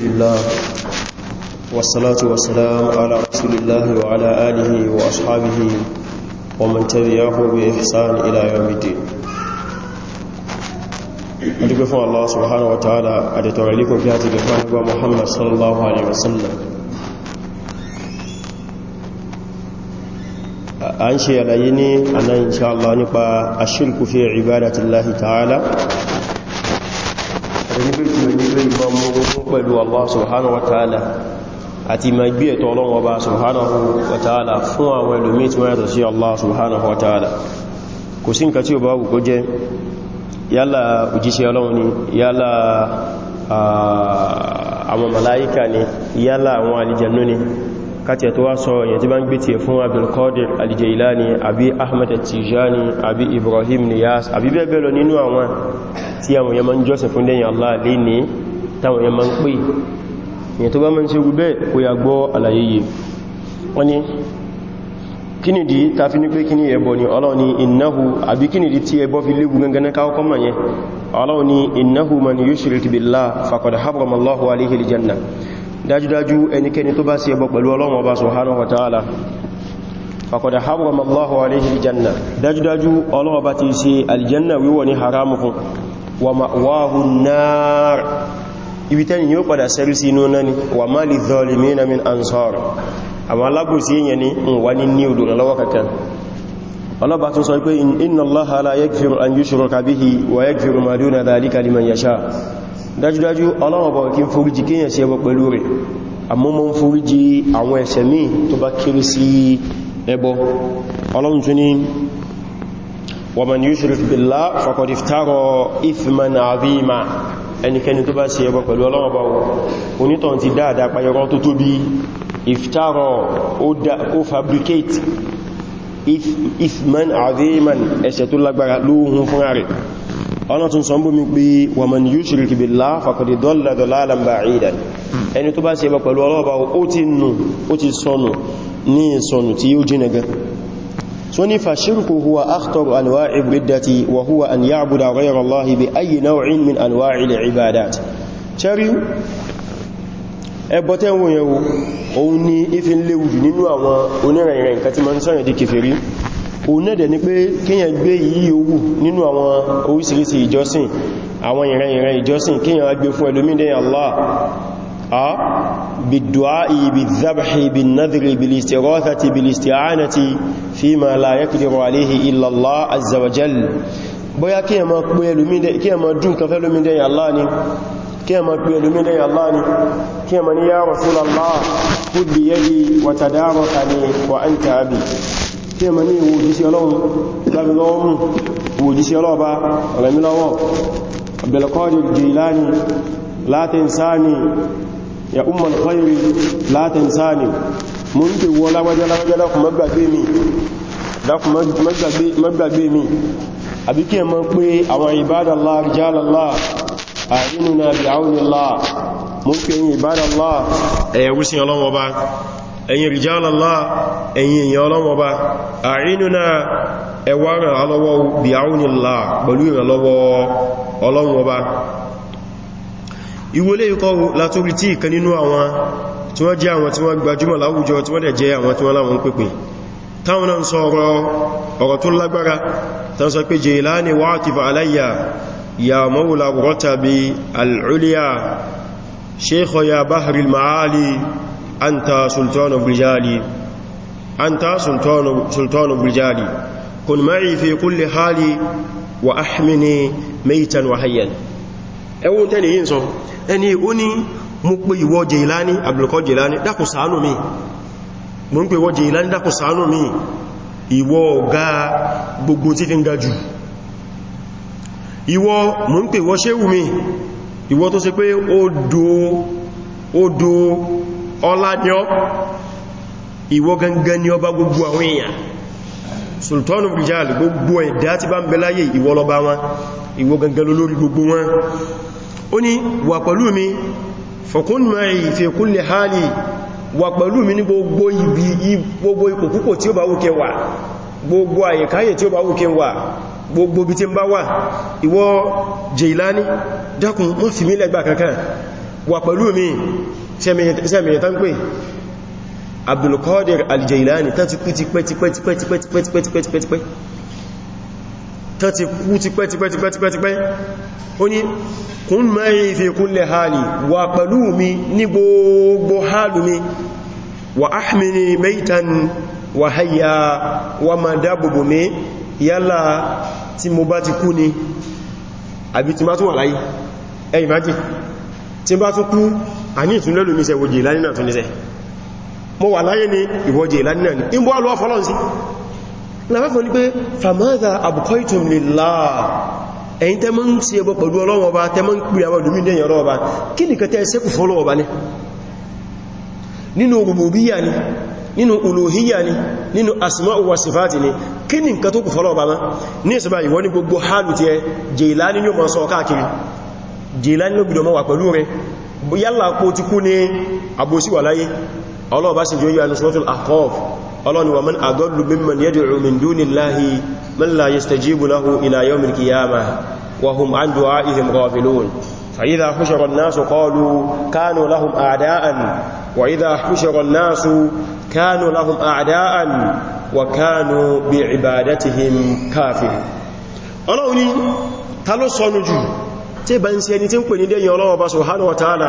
بسم الله والصلاة والسلام على رسول الله وعلى آله وأصحابه ومن تبعه بإحسان إلى يوم الدين أدب فو الله سبحانه وتعالى أدتو عليكم في هاتف فهو محمد صلى الله عليه وسلم أنشي على يني أنا إن شاء الله نقع الشرك في عبادة الله تعالى pẹ̀lú Allah subhanahu wa ta'ala àti ma gbé ẹ̀tọ́ Ọlọ́run Ọba subhanahu wa ta'ala fún àwọn ẹlòmí tí wọ́n yàtọ̀ sí Allah subhanahu wa ta'ala kò sí nǹkan tí ó bá wù kó jẹ́ yálà òjíṣẹ́ Ọlọ́run ni yálà àwọn màláíkà ni yálà àwọn àlìjẹ̀nú ni káti ẹ̀tọ́ wá sọ èyàn tí bá ń gbé tí ẹ fún Abdulkadir Al-Jailani àbí Ahmad Tijani àbí Ibrahim Niyas àbí bẹ́ẹ̀ bẹ́ẹ̀ lọ nínú àwọn tí àwọn yamma ń jọ́sìn Allah lè ní táwọn èèyàn ma ń pè èyàn tó bá mọ́ sí ogun bẹ́ẹ̀ kó yà gbọ́ àlàyé yìí wọ́n ni kí nìdí ta fi ní pé kí ní ẹbọ ni Ọlọ́hun ni innahu àbí kí nìdí tí ẹbọ fi léwu gangan káwọ́kọ́ wa ma'wahu nar ibi tẹ́ni yóò padà sẹ́rí sí inú náà ni wà má lè zọ́ọ̀lì mìíràn min ansar àwọn alábòsí èyàn ni ń wà ní ní odò lọ́wọ́ kankan ọlọ́bà tún sọ pé inna Allaha la yaghfiru an yushraka bihi wa yaghfiru ma duna dhalika liman yasha dájúdájú ọlọ́wọ̀bọ̀ kí n foríjì kíyàn sí ẹbọ pẹ̀lú rẹ̀ àmọ́ mọ́ ń ẹnikẹni tó bá ṣe ẹbọ pẹ̀lú Ọlọ́run bá wọn onítọ̀n ti dáadáa payọrọ tó tóbi iftarọ ó fabricate ifman aziman ẹ̀ṣẹ̀ tó lágbára lóhun fúnra rẹ̀ ọlọ́tún sọ bó mi pé wa man yushrik billah faqad dalla dalalan ba'idan ẹni tó bá ṣe ẹbọ pẹ̀lú Ọlọ́run bá wọn ó ti nù ó ti sọnù so ni fashirku huwa akhtaru anwa'i biddati wa huwa an ya'buda ghayra Allah bi ayi naw'in min anwa'i al-ibadat chari ẹbọ tẹ́ wọ́n yẹ̀wò òun ni ife ń léwu jù nínú àwọn onírìnrìn nǹkan tí ma ń sọ́yẹ̀ di kèfèrí òun náà dẹ̀ ni pé kíyàn gbé yìí owó nínú àwọn orísìírísìí ìjọsìn àwọn ìrìnrìn ìjọsìn kíyàn agbé fún ẹlòmídẹ́yìn Allah بالدعاء بالذبح بالنذر بالاستغاثة بالاستعانة فيما لا يقدر عليه إلا الله عز وجل bóyá kí ẹ ma pè ẹlòmídẹ̀ kí ẹ ma dùn kan fẹ́lòmídẹ̀ yà Allah ni kí ẹ ma pè ẹlòmídẹ̀ yà Allah ni kí ẹ ma ní ya Rasulallah khud biyadi wa tadarukani wa anta abi kí ẹ ma ní ìwò òjísí ọlọ́run lábẹ́ lọ́wọ́ mú ìwò òjísí ọlọ́ọ̀bá ọ̀lẹ́mílọ́wọ́ Abdul Qadir Jilani la tansani ya umar khayri la tansani mo ń pè wọ lágbájá lágbájá dákùn má mi mi àbí bi ẹ mọ̀ pé àwọn ibadallah rijalallah a'inuna bi mo ń pè yìn ibadallah ẹ̀yẹ̀wú sí ọlọ́wọ́ bá ẹ̀yin rijalallah ẹ̀yin ìwọlé ikọ́ látórí tí ìkan nínú àwọn tí wọ́n jẹ́ àwọn tí wọ́n gbajúmọ̀ láwùjọ tí wọ́n dẹ̀ jẹ́ àwọn tí wọ́n láwọn pèpè táwọn náà sọ ọ̀rọ̀ tó lágbára tán sọ pé Jilani waqif alayya ya mawla ratabi al-ulya sheikh ya bahril ma'ali anta sultanu biljali anta sultanu wa ahmini maitan wa hayyan ẹwọ́n tẹ́lẹ̀ yìí sọ ẹni ó ní mú pé ìwọ Jilani Abdulqadir Jilani dákùn ṣàánú mi mú pé ìwọ Jilani dákùn ṣàánú mi ìwọ ọ̀gá gbogbo tí fi ń ga jù ìwọ mú pé ìwọ ṣéwù mi ìwọ tó ṣe pé ó do ọlá ní ọ ìwọ gangan ní ọba gbogbo àwọn èèyàn sultanu rijal gbogbo ẹ̀dá tí bá ń bẹ láyé ìwọ wọn ìwọ gangan lórí gbogbo wọn ó ní wà pẹ̀lú mi fakun ma'i fi kulli hali wà pẹ̀lú mi ní gbogbo ibi gbogbo ipò púpọ̀ tí ó bá wùkẹ́ wà gbogbo àyẹ̀káyẹ̀ tí ó bá wùkẹ́ wà gbogbo bí tí ń bá wà ìwọ Jilani dákun mọ́ fi mí lẹ́gbà kankan wà pẹ̀lú mi sẹ́mìyàn tán pé Abdul Qadir al-Jilani tán ti pẹ́ ti pẹ́ ti pẹ́ ti pẹ́ ti pẹ́ ti pẹ́ ti pẹ́ ti pẹ́ ti pẹ́ tán ti kú ti pẹ́ ti pẹ́ ti pẹ́ ti pẹ́ ti pẹ́ ó ní kún mẹ́rin fi kulli hali wà pẹ̀lú mi ní gbogbo hálù mi wà áhmìnì maitan wà hayya wà ma dábòbò mi yálà tí mo bá ti kú ni àbí tí má tún wà láyé ẹ ìmájì tí bá tún kú a ní ìtúnlẹ́lù mi sẹ wòjì ìlànà tún ní sẹ mo wà láyé ni ìwòjì ìlànà ni ìbọ́ lábáfọ́ ní pé famadha abqaytum lillah ẹ̀yin tẹ́ mọ́ ń tí ẹbọ pẹ̀lú Ọlọ́run Ọba tẹ́ mọ́ ń pè àwọn olùmí dẹ̀yìn Ọlọ́run Ọba kí nìkan tẹ́ ṣẹ́kù fọ́lọ́run Ọba ní nínú rububiyya ni nínú uluhiyya ni nínú asma'u wa sifati ni kí ni nǹkan tó kù fọ́lọ́run Ọba ní ìsìnbà ìwọ ní gbogbo hálù tí ẹ Jilani yóò mọ́ sọ káàkiri Jilani ló gbìdọ̀ mọ́ wà jẹ́ yóò yà ní suratul ọlọ́ni wa man adallu mimman yad'u min dunillahi man la yastajibu lahu ila yawmil qiyamah wa hum an du'a'ihim ghafilun fa idha hushira an-nasu qalu kanu lahum a'da'an wa idha hushira an-nasu kanu lahum a'da'an wa kanu bi'ibadatihim kafirin ọlọ́ni ta ló sọnù jù tí bá ń ṣe tí ń pè ní dẹ́yìn ọlọ́wọ́ bá subhanahu wa ta'ala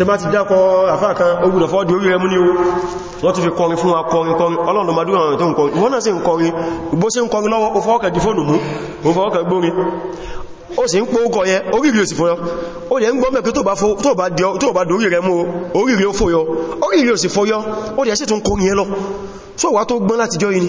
tẹ bá ti dákọ àfáàkan ogun ọ̀fọ́dì orí ẹmú ní o wọ́n tún fi kọrin fún akọrin kọrin kọrin ọlọ́run ma dúró tó ń kọrin wọ́n náà sí ń kọrin sí ń lọ́wọ́ di fóònù mú o gbórin ó sì ń pó ókọ yẹ òsì fún ó lè ń gbọ́ mẹ́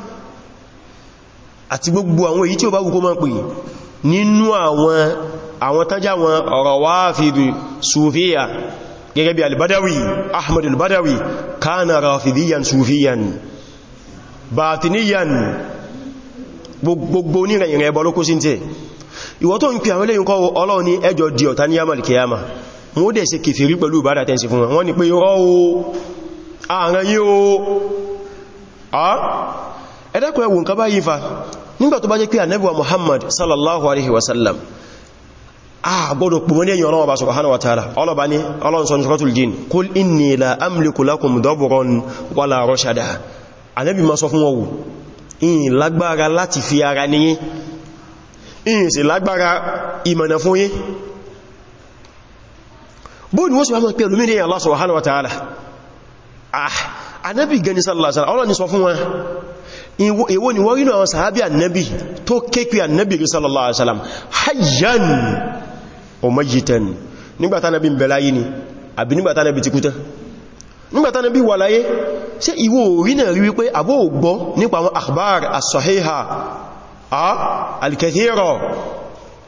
àti gbogbo àwọn èyí tí ó bá wùkó máa pè nínú àwọn àwọn tájá wọn ọ̀rọ̀ wá fi bí sufiya gẹ́gẹ́ bí albadawi ahmad albadawi kana rafidiyan sufiyan batiniyan gbogbo onírin ìrìn ẹbọ lókó sí tẹ́ ìwọ tó ń pè àwọn eléyìn kọ́ ọlọ́run ní ẹjọ́ di ọ̀tá ní yamal kiyama wọ́n dẹ̀ ṣe kèfèrí pẹ̀lú ìbádà tẹ́sí fún wọn ẹ̀dẹ́kùn ẹwù nǹkan bá yífa nígbà tó bá jẹ́ pé ànẹ́bùwa Muhammad sallallahu alaihi wasallam àgbọ́dọ̀ pùmọ́ ní ẹ̀yìn ọlọ́wọ́ bá subhanahu wa ta'ala ọlọ́bá ní ọlọ́nsọ́n suratul jin kul inni la amliku lakum dọ́bùrọ̀n wala rọ́ṣàdá ànẹ́bì ma sọ fún ọwù in lágbára láti fi ara níyí in sì lágbára ìmọ̀nà fún yí bóòdù wọ́n sì wọ́n pẹ̀lú mí ní Allah subhanahu wa ìwọ ni wọ́n rínú àwọn sàábí annabi tó kéèkwé annabi rí sallallahu alaihi wasallam hayyan o mayitan nígbàtá nabi ń bẹ̀láyé ni àbí nígbàtá nabi ti kúta nígbàtá nabi wà láyé ṣe ìwọ orí náà rí wípé àbó nípa àwọn akhbar as-sahiha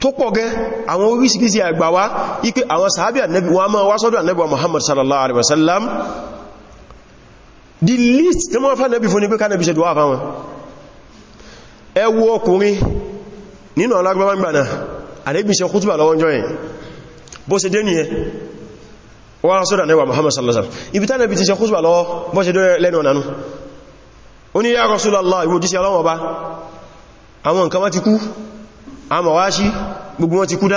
tó pọ̀ gẹ́ àwọn orísìírísìí àgbàwá ipé àwọn sàábí annabi wọ́n máa wá sọ́dọ̀ annabi wa muhammad sallallahu alaihi wasallam the least tí wọ́n fà nẹ́bí fún ní pé kánẹ́bí ṣe dùwà fáwọn ẹ wo ọkùnrin nínú alágbàmà gbà náà àdébí ṣe kútùbà lọ́wọ́ jọ yìí bó ṣe dé ní ẹ wọ́n sọ́dà nẹ́wà Muhammad sallallahu alaihi wasallam ibi tánẹ́bí ti ṣe kútùbà lọ́wọ́ bó ya Rasulullah ìwò jíṣẹ́ ọlọ́wọ́ bá àwọn nǹkan wọ́n ti kú àmọ̀ wá sí gbogbo wọn ti kú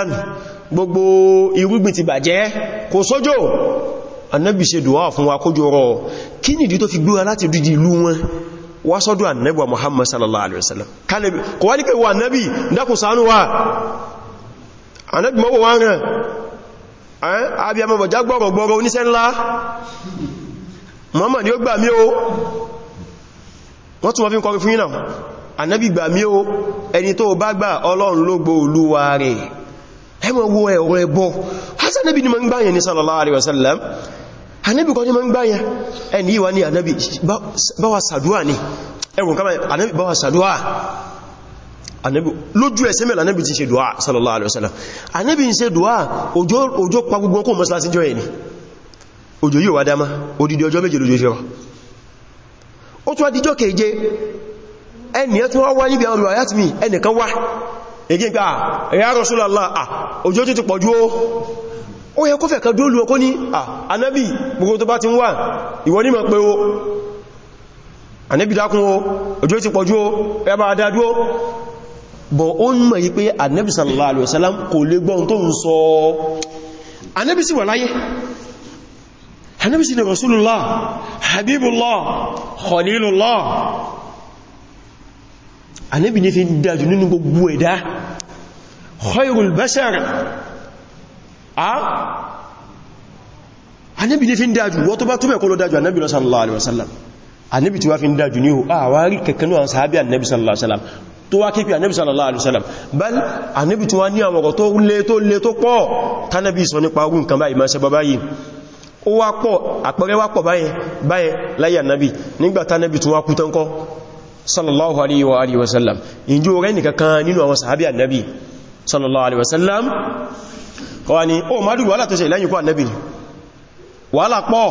annabi ṣe duwa fún wa kójú ọrọ̀ kí ni ìdí tó fi gbúra láti dúdí ìlú wọn wá sọ́dọ̀ annabi muhammad sallallahu alaihi wasallam kálẹ̀bí kò wá ní pé wa annabi dákùn ṣàánú wa annabi mọ́wọ́ wá rán àbí amọ́bọ̀ já gbọ́rọ̀gbọ́rọ̀ oníṣẹ́ ńlá muhammad ni ó gbà mí o wọ́n tún wọ́n fi ń kọrin fún yínà annabi gbà mí o ẹni tó bá gbà ọlọ́run ló gbó olúwa rẹ̀ ẹmọ wo ẹ̀rọ ẹbọ hassan nabi ni ma ń gbáyẹn ní sallallahu alaihi wasallam anabi kọ́ ni ma ń gbáyẹn ẹni yíwa ni anabi báwa sàdúwà ni ẹwùn kama anabi báwa sàdúwà anabi lójú ẹsẹ̀ mẹ́lá anabi ti ṣe dùwà sallallahu alaihi wasallam anabi ń ṣe dùwà òjò pa gbogbo kó mọ́sálásí jọ ẹni òjò yíò wá dáma odidi ọjọ́ méje lójú ṣe ó tún ègé pé àyà ah, Rasulullah ah, òjò tó ti pọ̀jú ó ó yẹ kó fẹ̀kẹ́ dóòlù ọkó ní ah, ànábì gbogbo tó bá ti ń wà ìwọ ní mọ̀ pé ó ànábì dákun ó òjò ti pọ̀jú ó ẹbá adádú bọ̀ ó ń mọ̀ yí pé ànábì sallallahu alaihi wasallam kò lè gbọ́n tó ń sọ Rasulullah Habibullah Khalilullah ànábì ní fi dájú nínú gbogbo ẹ̀dá khairul bashar a ànábì ní fi dájú wọ́n tó bá tó mẹ́kọ́ lọ dájú ànábì lọ sallallahu alaihi wasallam ànábì tí wá fi dájú ní àwárí kẹkẹnú àwọn sàábí ànábì sallallahu alaihi wasallam tó wá kéfì ànábì sallallahu alaihi wasallam bal ànábì tí wá ní àwọn ọ̀rọ̀ tó lé tó lé tó pọ̀ tánàbì sọ nípa ó wá pọ̀ àpẹẹrẹ wá pọ̀ báyẹn láyé ànábì nígbàtánàbì tí wá kú tán kọ́ sallallahu alaihi wa alihi wasallam injú rẹ̀ nìkan kan nínú àwọn sàábí annabi sallallahu alaihi wasallam kọwa ni o ma dùgbà wàhálà tó ṣẹlẹ̀ lẹ́yìn kú annabi ni wàhálà pọ̀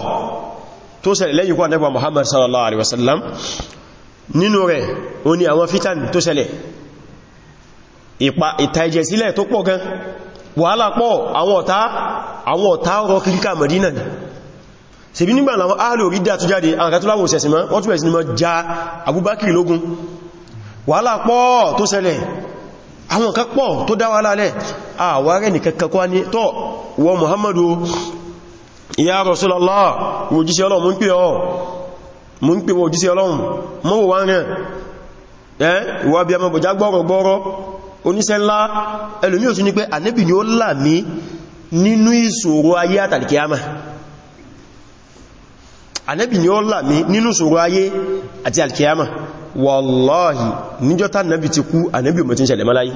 tó ṣẹlẹ̀ lẹ́yìn kú annabi wa muhammad sallallahu alaihi wasallam nínú rẹ̀ o ni àwọn fitan tó ṣẹlẹ̀ ìtàìjẹ̀sílẹ̀ tó pọ̀ gan wàhálà pọ̀ àwọn ọ̀tá àwọn ọ̀tá ọ̀rọ̀ kíríkà madina ni ṣebí nígbà àwọn ahàlì orí dá tó jáde àwọn katọ́láwò sẹ̀sìn mọ́ wọ́n túnbẹ̀ sí mọ́ já Abubakar logun wala po to sele awon kan wala tó dá wà lálẹ̀ àwárẹ̀ nìkan kakwá ní tọ́ wọ Muhammadu ya Rasulullah òjíṣẹ́ Ọlọ́run mú ń pè ọ́ mú ń pè wọ òjíṣẹ́ Ọlọ́run mọ́wọ́ wá rẹ̀ ànábì ni ó là mí nínú ṣòro ayé àti alkiyama wallahi níjọ́ta ànábì ti kú ànábì ò mọ̀ tí ń ṣẹlẹ̀ máláyé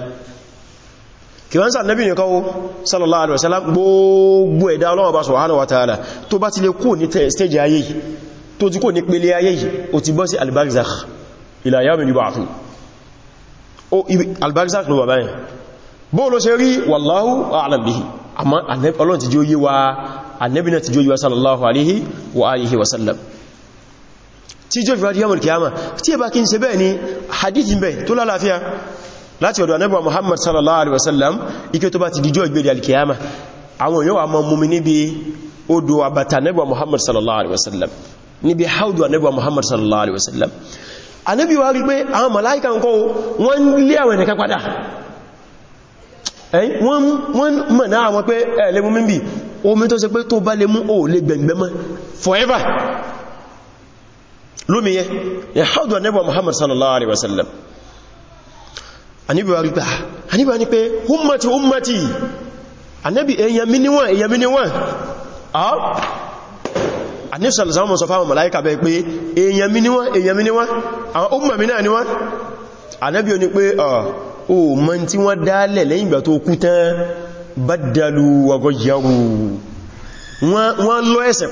kìwọ́n sáà nẹ́bí nìkan sallallahu alaihi wasallam gbogbo ẹ̀dá Ọlọ́run bá subhanahu wa ta'ala tó bá ti lè kó ní stage bihi àmọ́ Ọlọ́run ti jẹ́ ó annabi náà ti jó yíwa sallallahu alaihi wa alihi wasallam tí jó yíwa yamul kiyama tí ẹba kí n ṣe bẹ́ẹ̀ ni hadithi bẹ́ẹ̀ tó lálàáfíà láti ọ̀dọ̀ annabi muhammad sallallahu alaihi wasallam ike tó bá ti dijó ìgbèrè alkiyama àwọn yóò àmọ́ mumi níbi odò àbàtà annabi muhammad sallallahu alaihi wasallam níbi haudu annabi muhammad sallallahu alaihi wasallam annabi wa rí pé àwọn màláíkà ń kọ́ wọ́n lé àwọn ẹ̀nìkan padà wọ́n mọ̀ náà wọn pé ẹ̀lẹ́mú mímbì omi tó ṣe pé tó bá lè mú o lè gbẹ̀gbẹ̀ mọ́ forever lómi yẹ ya haudu anẹ́bọ̀ Muhammad sallallahu alaihi wasallam anibi wa rí pé anibi ah, wa ní pé ummati ummati anabi èyàn mi níwọ̀n èyàn mi níwọ̀n anibi sallallahu alaihi wasallam malaika bẹ́ pé èyàn mi umma mi náà níwọ̀n anabi ó ní pé ọ̀ ah, o mọ́ badalu wa ghayyaru wọ́n lọ ẹ̀sẹ̀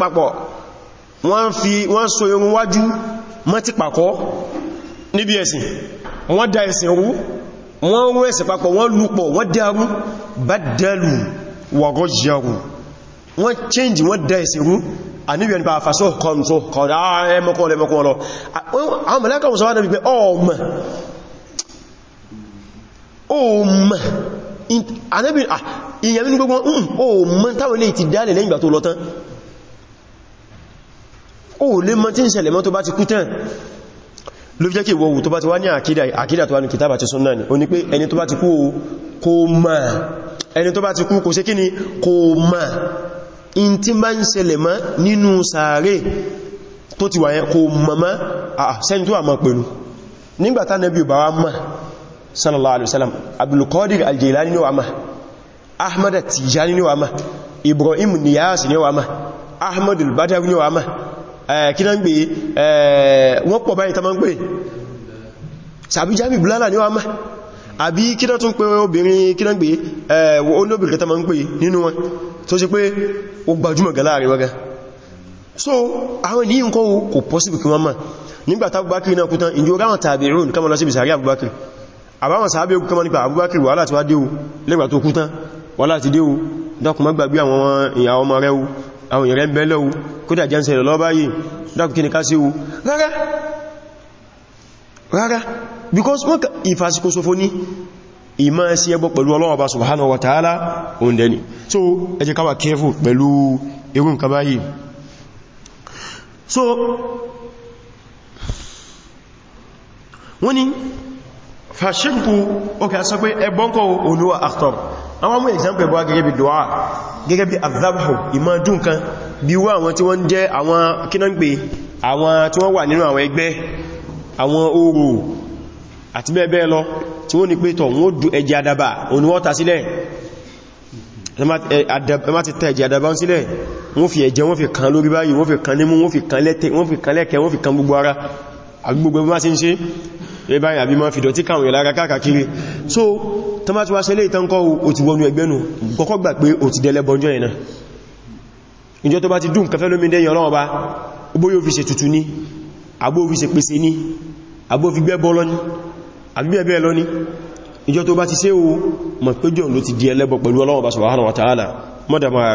papọ̀ wọ́n fi wọ́n so irun wájú mọ́ ti pàkọ́ níbi ẹ̀sìn wọ́n da ẹ̀sìn rú wọ́n rú ẹ̀sìn papọ̀ wọ́n lúpọ̀ wọ́n dárú badalu wa ghayyaru wọ́n change wọ́n da ẹ̀sìn rú àníbẹ̀ nípa àfàṣọ́ kan tó kọ̀dá ẹmọ́kọ́ lẹ́mọ́kọ́ lọ àwọn mẹ́lẹ́kọ̀ọ́ sọ wá náà wípé ọmọ anẹ́bì ah, ìyẹ̀mí ní gbogbo hmm, o mọ́ táwọn ilé ti dálẹ̀ lẹ́yìn ìgbà tó lọ tán o lè mọ́ tí ń ṣẹlẹ̀ mọ́ tó bá ti kú tán ló fi jẹ́ kí ìwọ̀wù tó bá ti wá ní àkídà tó wá ní kìtàbà ti súnnà ní o ní pé ẹni tó bá ti kú kò mọ̀ ẹni tó bá ti kú kò ṣe kí ni kò mọ̀ in tí bá ń ṣẹlẹ̀ mọ́ nínú sàárè tó ti wà yẹn kò mọ̀ mọ́ àṣẹ́ni ah, ah, tó wà mọ́ pẹ̀lú nígbàtá nẹ́bí ò bá wá mọ̀ sallallahu alaihi wasallam Abdul Qadir al-Jilani ni wa ma Ahmad at-Tijani ni wa ma Ibrahim Niyas ni wa ma Ahmad al-Badawi ni wa Jami Bulala ni wa ma àbí kidan tún pè obìnrin kidan gbe eh olóbìnrin ta ma gbe nínú wọn tó ṣe pé ó gbajúmọ̀ galare waga so àwọn ni nko kò possible kí wọ́n ma nígbàtà Abubakar náà kú ìjọ àbáwọn sàábé ogun kọmọ́ nípa Abubakar wà láti wá dé lẹ́gbà tó kú tán wà láti dé dákùnmọ́ gbàgbé àwọn ìyàwó ọmọ rẹ̀ àwọn ìrẹ́ bẹ́lẹ̀ o kódà jẹ́ ń because wọ́n ìfàsíkò sofo ní ìmá sí ẹbọ pẹ̀lú Ọlọ́run Ọba subhanahu wa ta'ala oúnjẹ so ẹ jẹ́ ká wà careful so wọ́n ni fàṣírkù ókè sọ pé ẹgbọ́n kọ́ olúwa akhtar àwọn mú example bọ́ gẹ́gẹ́ bí dùá gẹ́gẹ́ bí azabhu ìmọ̀ dùn kan bí wá àwọn tí wọ́n jẹ́ àwọn kínàgbé àwọn tí wọ́n wà nínú àwọn ẹgbẹ́ àwọn orò àti bẹ́ẹ̀bẹ́ẹ̀ lọ tí wọ́n ní pé tọ̀ wọ́n dù ẹjẹ́ adaba oníwọ́ta sílẹ̀ ẹmá ti tẹ́ ẹjẹ́ adaba sílẹ̀ wọ́n fi ẹ̀jẹ̀ ẹbáyìn àbí máa fìdọ̀ tí káwọn ìlara káàkiri so tó má ti wá ṣẹlẹ̀ ìtankọ́ o ti wọnú ẹgbẹ́nu kọ́kọ́ gbà pé o ti dẹ̀lẹ̀ bọ́njọ́ ẹ̀nà ìjọ tó bá ti dùn kẹfẹ́ lómi dẹ́yìn ọlọ́ọ̀bá bóyí òfíṣe tutù ní àbó òfíṣe pèsè ní àbó fi gbẹ́ bọ́lọ́ní àbí bẹ́ẹ̀ bẹ́ẹ̀ lọ́ní ìjọ tó bá ti ṣe o mọ̀ pé jọ ló ti di ẹlẹ́bọ pẹ̀lú ọlọ́ọ̀bá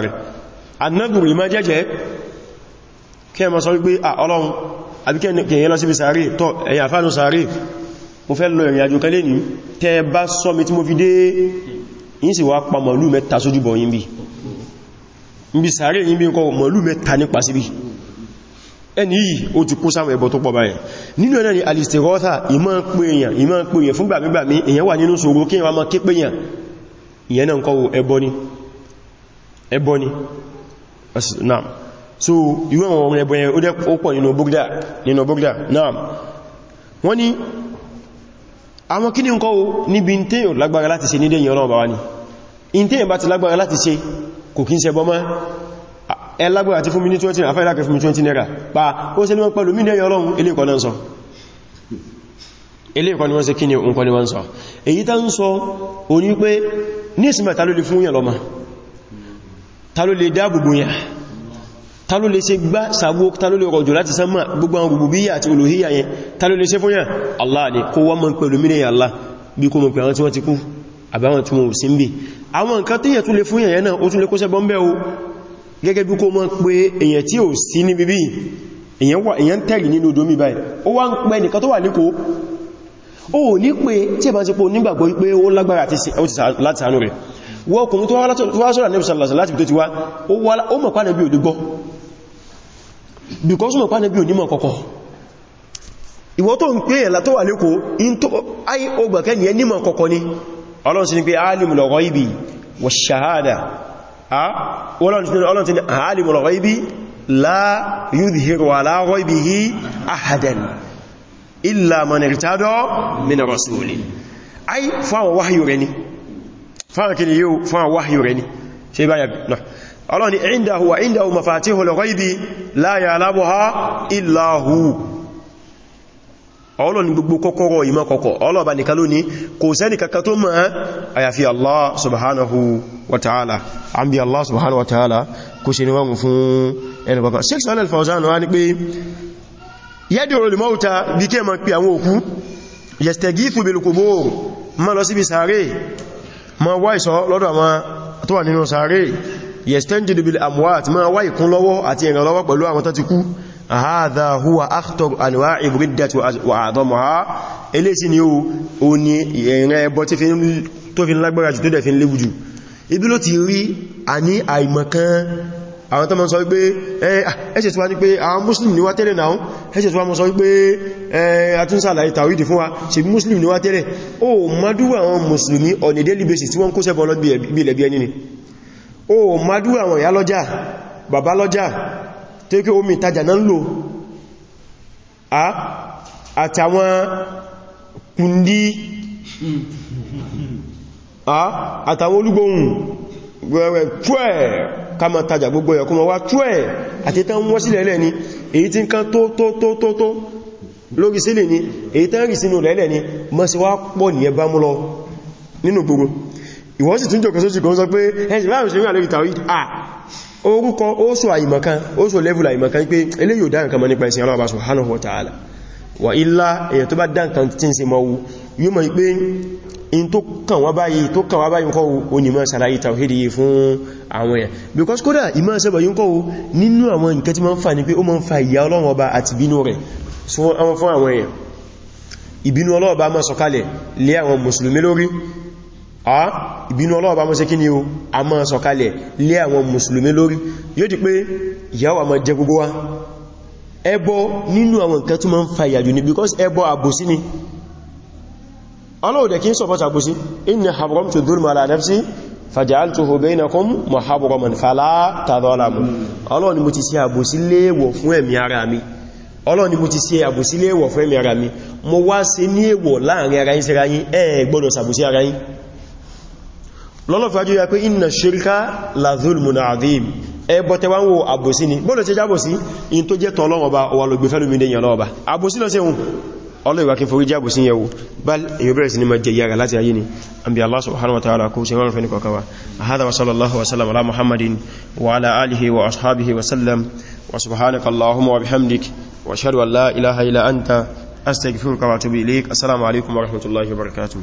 kí ẹ ma sọ wípé ọlọ́run àbíkẹ́ ẹ̀yẹ́ lọ síbi sàárè tọ́ ẹ̀yà fánú sàárè mo fẹ́ lọ ìrìn àjò kan lé ní tẹ́ bá sọ mi tí mo fi dé yìí sì wá pa mọ̀lú mẹ́ta sójúbọ̀ yìí bí ibi sàárè yìí bí ń kọ mọ̀lú mẹ́ta nípa síbí ẹni yìí ó ti kó sáwọn ẹbọ tó pọ̀ báyẹn nínú ẹ̀nà ni ni ni naam so ìwọ̀n ọmọ ẹbọ yẹn ó pọ̀ nínú bugda nínú bugda naam àwọn kí ní ń kọ́ o níbi tíyàn lágbára láti ṣe nílé ìyàn ọlọ́ọ̀bá wá ní ìtíyàn bá ti lágbára láti ṣe kò kí ń ṣe bọ́mọ́ ẹ lágbára ti fún mi ní 20 afẹ́ fún mi 20 naira pa ó ṣe ní wọ́n pẹ̀lú mílẹ̀ ni wọ́n ṣe kí ni nǹkan ni wọ́n sọ èyí tá ń sọ òní pé ní ìsinmi ta ló lè fún yàn lọ́mọ ta ló lè ṣe gbá sàgbó ta ló lè rọ̀jò láti sánmà gbogbo àwọn rububiyya àti uluhiyya yẹn ta lè ṣe fún yà Allah ni kó wọ́n mọ́ pẹ̀lú mílẹ̀ Allah bí kó mọ̀ pẹ̀ àwọn tí wọ́n ti kú àbáwọn tí wọ́n ò sí ń bì àwọn nǹkan tí yẹ̀ tún lè fún yẹn náà ó tún lè kó sẹ́bọ́n bẹ́ o gẹ́gẹ́ bí kó mọ̀ pé èyàn tí ò sí ní bíbí èyàn wà èyàn tẹ̀lì nínú domi báyìí ó wá ń pẹ́ nìkan tó wà ní kó ó ní pé tí ẹ bá ti pò nígbàgbọ́ pé ó lágbára láti sàánú rẹ̀ wọ́n kùnrin tó wá sọ́rọ̀ nẹ́bùsàlọ́sà láti bí tó ti wá ó mọ̀ pánà bí òdúgbọ́ because mo pa nabi onímọ̀ kọ̀kọ̀ ìwọ tó ń pè ẹ̀lá tó wà lẹ́kọ́ in tó ai ogbà kẹ́ yẹn nímọ̀ kọ̀kọ̀ ni Ọlọ́run sì ní pé alimul ghaibi wa shahada Ọlọ́run sì ní alimul ghaibi la yudhiru ala ghaibihi ahadan illa man irtada min rasulin ai fáwọn wáhayò rẹ ni fáwọn kìlì yóò fáwọn wáhayò rẹ ni ṣe báyà náà ọlọ́ni indahu wa indahu mafatihul ghaibi la ya'lamuha illa hu ọlọ́ni gbogbo kọ́kọ́rọ̀ ìmọ̀ kọ̀kọ̀ ọlọ́ba nìkan ló ní kò sẹ́ni kankan tó mọ̀ àyàfi Allah subhanahu wa ta'ala àmì Allah subhanahu wa ta'ala kò ṣe níwọ̀n fún ẹnu kọ̀kọ̀ 600 Fawzan wá ní pé tó wà nínú sàárè yastanjidu bil amwat ma wá ìkúnlọ́wọ́ àti ìrànlọ́wọ́ pẹ̀lú àwọn tó ti kú hadha huwa akhtar anwa'i riddati wa a'dhamuha eléyìí ni ó ní ìrìn ẹbọ tó fi lágbára jù tó dẹ̀ fi léwu jù ibi ló ti rí a ní àìmọ̀kan àwọn ni wá tẹ́lẹ̀ náà ẹ́ṣẹ̀ tí wá mọ́ sọ wípé àtúnsàlàyé tàwídì fún wa muslim ni wá tẹ́lẹ̀ o mọ́dúwà àwọn daily basis tí wọ́n kó sẹ́bọ̀ lọ́gbẹ̀ẹ́bí ẹni o mádú àwọn ìyá lọ́jà bàbá lọ́jà tó kí omi ìtajà náà ń lò a àtàwọn kùndí a àtàwọn olúgbóhùn wẹ̀wẹ̀ tíwẹ̀ kama tajà gbogbo ẹ̀kọ́ ma wá tíwẹ̀ àti tán wọ́n sílẹ̀ lẹ́ ni èyí tí nǹkan tó tó tó tó tó lórí sílẹ̀ ni èyí tán rí sínú lẹ́lẹ̀ ni mọ́ sí wá pọ̀ nìyẹ bá mú lọ nínú gbogbo ìwọ́n sì tún jòkó sóṣì kan sọ pé ẹ̀sìn láàrín ṣe rí àlórí tàwí à orúkọ oṣù àìmọ̀kan oṣù level àìmọ̀kan pé eléyìí ò dá nǹkan mọ̀ nípa ìsìn Allah subhanahu wa ta'ala wà ilá èyàn tó bá dá nǹkan tí ń ṣe mọ́wú yíò mọ̀ pé in tó kàn wá báyìí tó kàn wá báyìí kọ́ onímọ̀ sàlàyé tàwídì yìí fún àwọn èèyàn because kódà ìmọ̀ sẹ́bọ̀ yíò kọ́ nínú àwọn nǹkan tí ma ń fà ní pé ó ma ń fa ìyà Ọlọ́run ọba àti ìbínú rẹ̀ fún àwọn èèyàn ìbínú Ọlọ́run ọba ma sọ̀kalẹ̀ lé àwọn mùsùlùmí lórí a ìbínú Ọlọ́run bá mọ́ sí kí ni o a máa sọ̀kalẹ̀ lé àwọn mùsùlùmí lórí yóò di pé ìyà wa máa jẹ gbogbo wa ẹbọ nínú àwọn nǹkan tó máa ń fa ìyàjò ni because ẹbọ àbòsí ni Ọlọ́run dẹ̀ kí ń sọpọ̀ta àbòsí inna haramtu dhulma ala nafsi fàjáàlùtòhò bẹ́ẹ̀nàkún mọ̀hábùrọ̀mọ̀n fàlá tàdọ́làmù ni mo ti ṣe àbòsíléèwọ̀ fún ẹ̀mí ni mo ti ṣe àbòsíléèwọ̀ fún ẹ̀mí ara mi mo wá ṣe ní èèwọ̀ láàrin ara yín yín ẹ gbọ́dọ̀ ara yín lọ́lọ́fàájú ya pé inna ṣirka la zulmun adhim ẹbọ tẹwa ń wo àbòsí ni bọ́lọ̀ tẹ jábòsí in tó jẹ́ tọ́lọ́wọ́ba wà lọ gbé fẹ́lúmi ní ìyàn àbòsí lọ sí ohun ọlọ́ìwà kí forí jábòsí yẹ̀wò bal èyí bẹ̀rẹ̀ sí ni ma jẹ yára láti ayé ni an bí Allah subhanahu wa ta'ala kó ṣe rọrùn fẹ́ ní kọkawa a hada wa sallallahu wa sallam ala muhammadin wa ala alihi wa ashabihi wa sallam wa subhanaka allahumma wa bihamdik wa shahadu an la ilaha illa anta astaghfiruka wa atubu ilayk assalamu alaikum wa rahmatullahi wa barakatuh